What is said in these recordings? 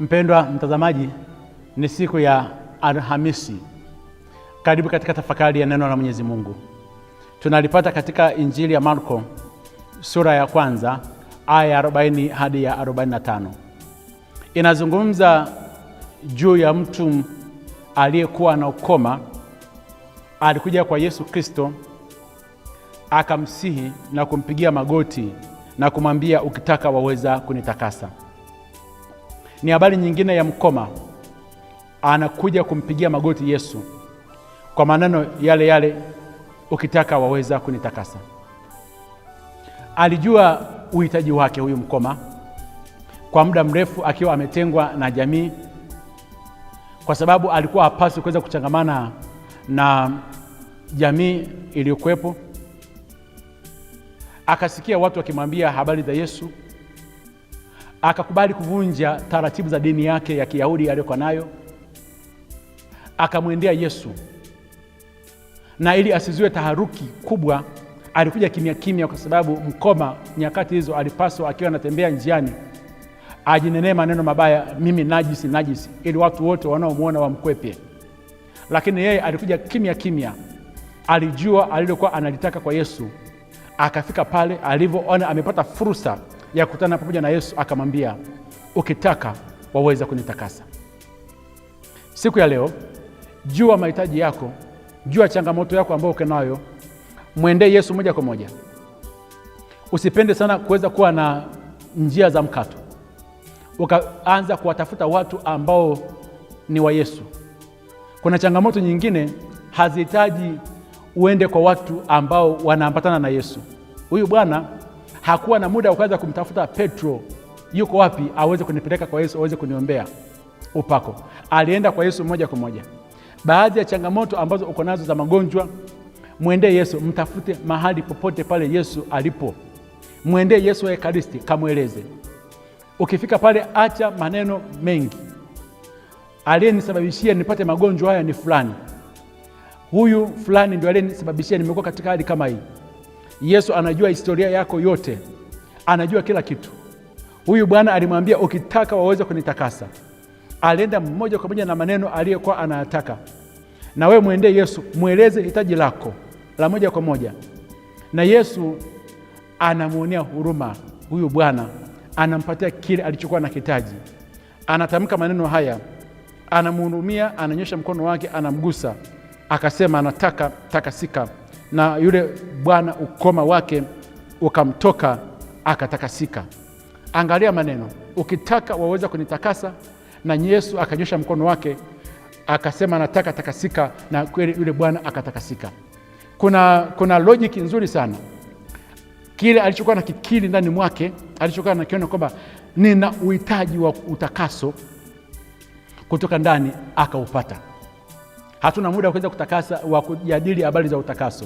Mpendwa mtazamaji, ni siku ya Alhamisi. Karibu katika tafakari ya neno la Mwenyezi Mungu. Tunalipata katika Injili ya Marko sura ya kwanza aya ya 40 hadi ya 45. Inazungumza juu ya mtu aliyekuwa na ukoma, alikuja kwa Yesu Kristo akamsihi na kumpigia magoti na kumwambia, ukitaka waweza kunitakasa ni habari nyingine ya mkoma anakuja kumpigia magoti Yesu kwa maneno yale yale, ukitaka waweza kunitakasa. Alijua uhitaji wake huyu mkoma, kwa muda mrefu akiwa ametengwa na jamii, kwa sababu alikuwa hapaswi kuweza kuchangamana na jamii iliyokuwepo. Akasikia watu wakimwambia habari za Yesu akakubali kuvunja taratibu za dini yake ya Kiyahudi aliyokuwa nayo, akamwendea Yesu, na ili asizue taharuki kubwa alikuja kimya kimya, kwa sababu mkoma nyakati hizo alipaswa akiwa anatembea njiani ajinenee maneno mabaya, mimi najisi, najisi, ili watu wote wanaomwona wamkwepe. Lakini yeye alikuja kimya kimya, alijua alilokuwa analitaka kwa Yesu. Akafika pale alivyoona amepata fursa ya kutana pamoja na Yesu akamwambia, ukitaka waweza kunitakasa. Siku ya leo, jua mahitaji yako, jua changamoto yako ambayo uko nayo, mwendee Yesu moja kwa moja. Usipende sana kuweza kuwa na njia za mkato, ukaanza kuwatafuta watu ambao ni wa Yesu. Kuna changamoto nyingine hazihitaji uende kwa watu ambao wanaambatana na Yesu. Huyu bwana hakuwa na muda wa kuweza kumtafuta Petro, yuko wapi aweze kunipeleka kwa Yesu aweze kuniombea upako. Alienda kwa Yesu moja kwa moja. Baadhi ya changamoto ambazo uko nazo za magonjwa, mwendee Yesu, mtafute mahali popote pale Yesu alipo. Mwendee Yesu wa Ekaristi, kamweleze. Ukifika pale, acha maneno mengi. Aliyenisababishia nipate magonjwa haya ni fulani, huyu fulani ndio aliyenisababishia nimekuwa katika hali kama hii. Yesu anajua historia yako yote, anajua kila kitu. Huyu bwana alimwambia ukitaka waweze kunitakasa. Alienda moja kwa moja na maneno aliyokuwa anayataka. Na wewe mwendee Yesu, mweleze hitaji lako la moja kwa moja, na Yesu anamwonea huruma huyu bwana, anampatia kile alichokuwa anahitaji. Anatamka maneno haya, anamhurumia, ananyosha mkono wake, anamgusa, akasema anataka takasika na yule bwana ukoma wake ukamtoka akatakasika. Angalia maneno, ukitaka waweza kunitakasa. Na Yesu akanyosha mkono wake akasema, nataka takasika, na kweli yule bwana akatakasika. Kuna, kuna lojiki nzuri sana kile alichokuwa na kikili ndani mwake, alichokuwa nakiona kwamba nina uhitaji wa utakaso kutoka ndani, akaupata. Hatuna muda wa kuweza kutakasa wa kujadili habari za utakaso.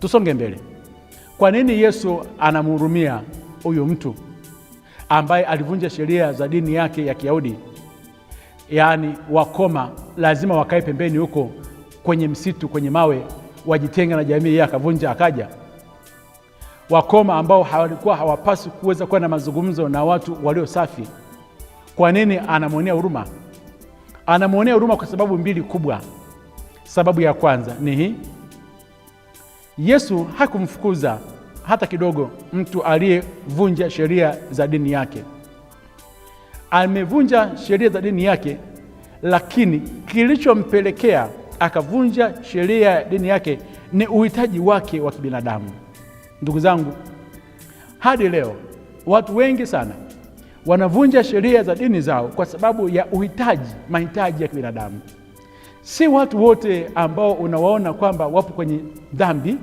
Tusonge mbele. Kwa nini Yesu anamhurumia huyu mtu ambaye alivunja sheria za dini yake ya Kiyahudi? Yaani, wakoma lazima wakae pembeni huko kwenye msitu, kwenye mawe, wajitenga na jamii. Yeye akavunja akaja. Wakoma ambao walikuwa hawapaswi kuweza kuwa na mazungumzo na watu walio safi, kwa nini anamwonea huruma? Anamwonea huruma kwa sababu mbili kubwa. Sababu ya kwanza ni hii: Yesu hakumfukuza hata kidogo mtu aliyevunja sheria za dini yake. Amevunja sheria za dini yake, lakini kilichompelekea akavunja sheria ya dini yake ni uhitaji wake wa kibinadamu. Ndugu zangu, hadi leo watu wengi sana wanavunja sheria za dini zao kwa sababu ya uhitaji, mahitaji ya kibinadamu. Si watu wote ambao unawaona kwamba wapo kwenye dhambi,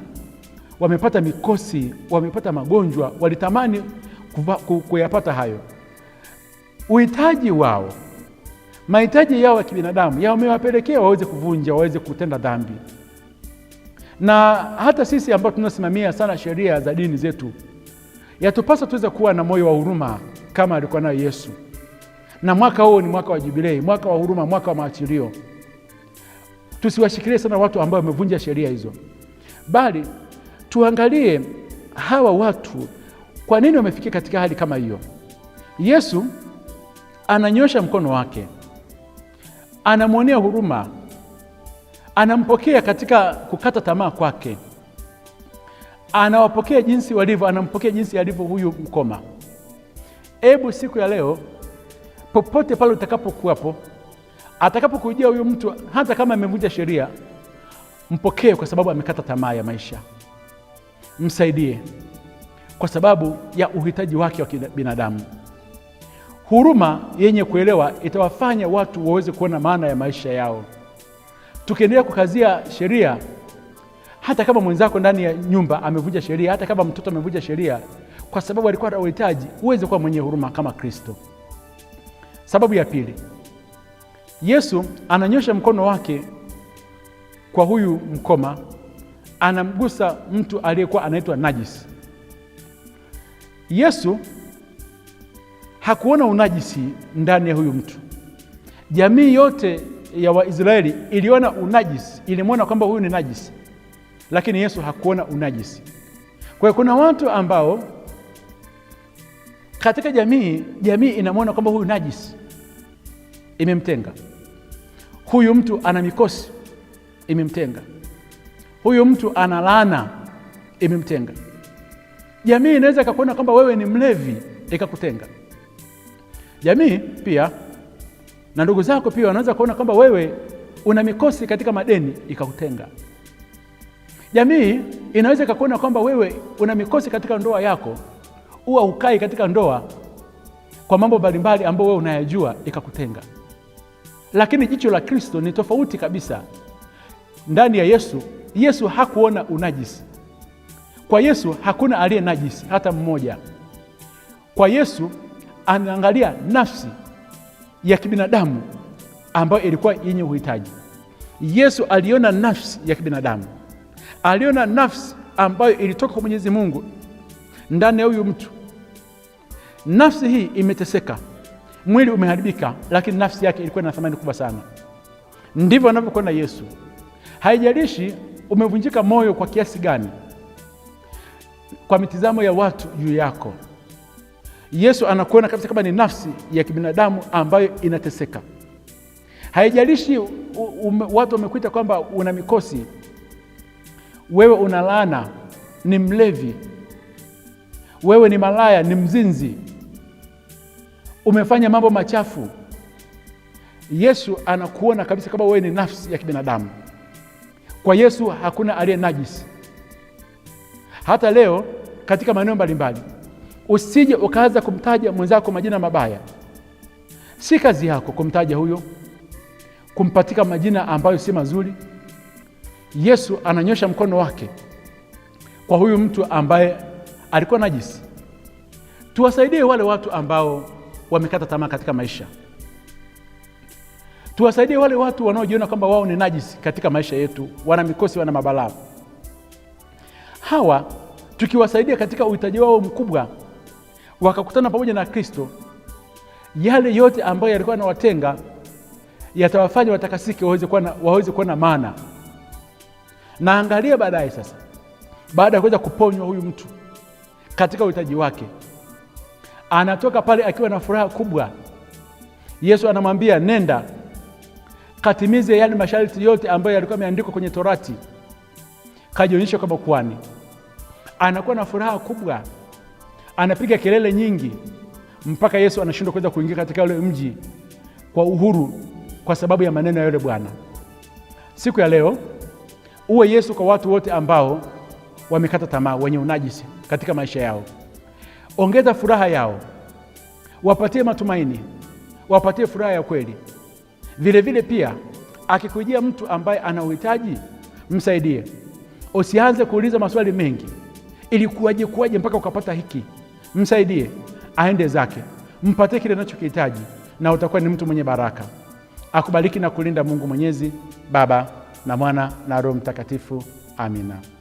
wamepata mikosi, wamepata magonjwa, walitamani kuyapata hayo. Uhitaji wao, mahitaji yao ya kibinadamu yamewapelekea waweze kuvunja, waweze kutenda dhambi. Na hata sisi ambao tunasimamia sana sheria za dini zetu, yatupasa tuweze kuwa na moyo wa huruma kama alikuwa nayo Yesu. Na mwaka huu ni mwaka wa Jubilei, mwaka wa huruma, mwaka wa maachilio tusiwashikilie sana watu ambao wamevunja sheria hizo, bali tuangalie hawa watu, kwa nini wamefikia katika hali kama hiyo. Yesu ananyosha mkono wake, anamwonea huruma, anampokea katika kukata tamaa kwake, anawapokea jinsi walivyo, anampokea jinsi alivyo huyu mkoma. Ebu siku ya leo, popote pale utakapokuwapo atakapokujia huyu mtu, hata kama amevunja sheria, mpokee kwa sababu amekata tamaa ya maisha. Msaidie kwa sababu ya uhitaji wake wa binadamu. Huruma yenye kuelewa itawafanya watu waweze kuona maana ya maisha yao. Tukiendelea kukazia sheria, hata kama mwenzako ndani ya nyumba amevunja sheria, hata kama mtoto amevunja sheria, kwa sababu alikuwa na uhitaji, uweze kuwa mwenye huruma kama Kristo. Sababu ya pili Yesu ananyosha mkono wake kwa huyu mkoma, anamgusa mtu aliyekuwa anaitwa najisi. Yesu hakuona unajisi ndani ya huyu mtu. Jamii yote ya Waisraeli iliona unajisi, ilimwona kwamba huyu ni najisi, lakini Yesu hakuona unajisi. Kwa hiyo kuna watu ambao katika jamii, jamii inamwona kwamba huyu najisi, imemtenga. Huyu mtu ana mikosi imemtenga, huyu mtu ana laana imemtenga. Jamii inaweza ikakuona kwamba wewe ni mlevi ikakutenga. Jamii pia na ndugu zako pia wanaweza kuona kwamba wewe una mikosi katika madeni ikakutenga. Jamii inaweza ikakuona kwamba wewe una mikosi katika ndoa yako, huwa ukai katika ndoa kwa mambo mbalimbali ambayo wewe unayajua ikakutenga. Lakini jicho la Kristo ni tofauti kabisa. Ndani ya Yesu, Yesu hakuona unajisi. Kwa Yesu hakuna aliye najisi hata mmoja. Kwa Yesu anaangalia nafsi ya kibinadamu ambayo ilikuwa yenye uhitaji. Yesu aliona nafsi ya kibinadamu, aliona nafsi ambayo ilitoka kwa Mwenyezi Mungu ndani ya huyu mtu. Nafsi hii imeteseka mwili umeharibika, lakini nafsi yake ilikuwa na thamani kubwa sana. Ndivyo anavyokwenda Yesu. Haijalishi umevunjika moyo kwa kiasi gani, kwa mitizamo ya watu juu yako, Yesu anakuona kabisa kama ni nafsi ya kibinadamu ambayo inateseka. Haijalishi ume, watu wamekuita kwamba una mikosi, wewe una laana, ni mlevi, wewe ni malaya, ni mzinzi umefanya mambo machafu, Yesu anakuona kabisa kama wewe ni nafsi ya kibinadamu. Kwa Yesu hakuna aliye najisi. Hata leo katika maeneo mbalimbali, usije ukaanza kumtaja mwenzako majina mabaya. Si kazi yako kumtaja huyo, kumpatika majina ambayo si mazuri. Yesu ananyosha mkono wake kwa huyu mtu ambaye alikuwa najisi. Tuwasaidie wale watu ambao wamekata tamaa katika maisha. Tuwasaidie wale watu wanaojiona kwamba wao ni najisi katika maisha yetu, wana mikosi, wana mabalaa. Hawa tukiwasaidia katika uhitaji wao mkubwa, wakakutana pamoja na Kristo, yale yote ambayo yalikuwa yanawatenga yatawafanya watakasike, waweze kuwa na maana. Naangalia baadaye sasa, baada ya kuweza kuponywa huyu mtu katika uhitaji wake, Anatoka pale akiwa na furaha kubwa. Yesu anamwambia nenda, katimize yale masharti yote ambayo yalikuwa yameandikwa kwenye Torati, kajionyesha kwa kuhani. Anakuwa na furaha kubwa, anapiga kelele nyingi, mpaka Yesu anashindwa kuweza kuingia katika yule mji kwa uhuru, kwa sababu ya maneno ya yule bwana. Siku ya leo uwe Yesu kwa watu wote ambao wamekata tamaa, wenye unajisi katika maisha yao ongeza furaha yao, wapatie matumaini, wapatie furaha ya kweli. Vilevile pia akikujia mtu ambaye ana uhitaji, msaidie. Usianze kuuliza maswali mengi, ilikuwaje kuwaje mpaka ukapata hiki. Msaidie aende zake, mpatie kile anachokihitaji, na utakuwa ni mtu mwenye baraka. Akubariki na kulinda Mungu Mwenyezi, Baba na Mwana na Roho Mtakatifu. Amina.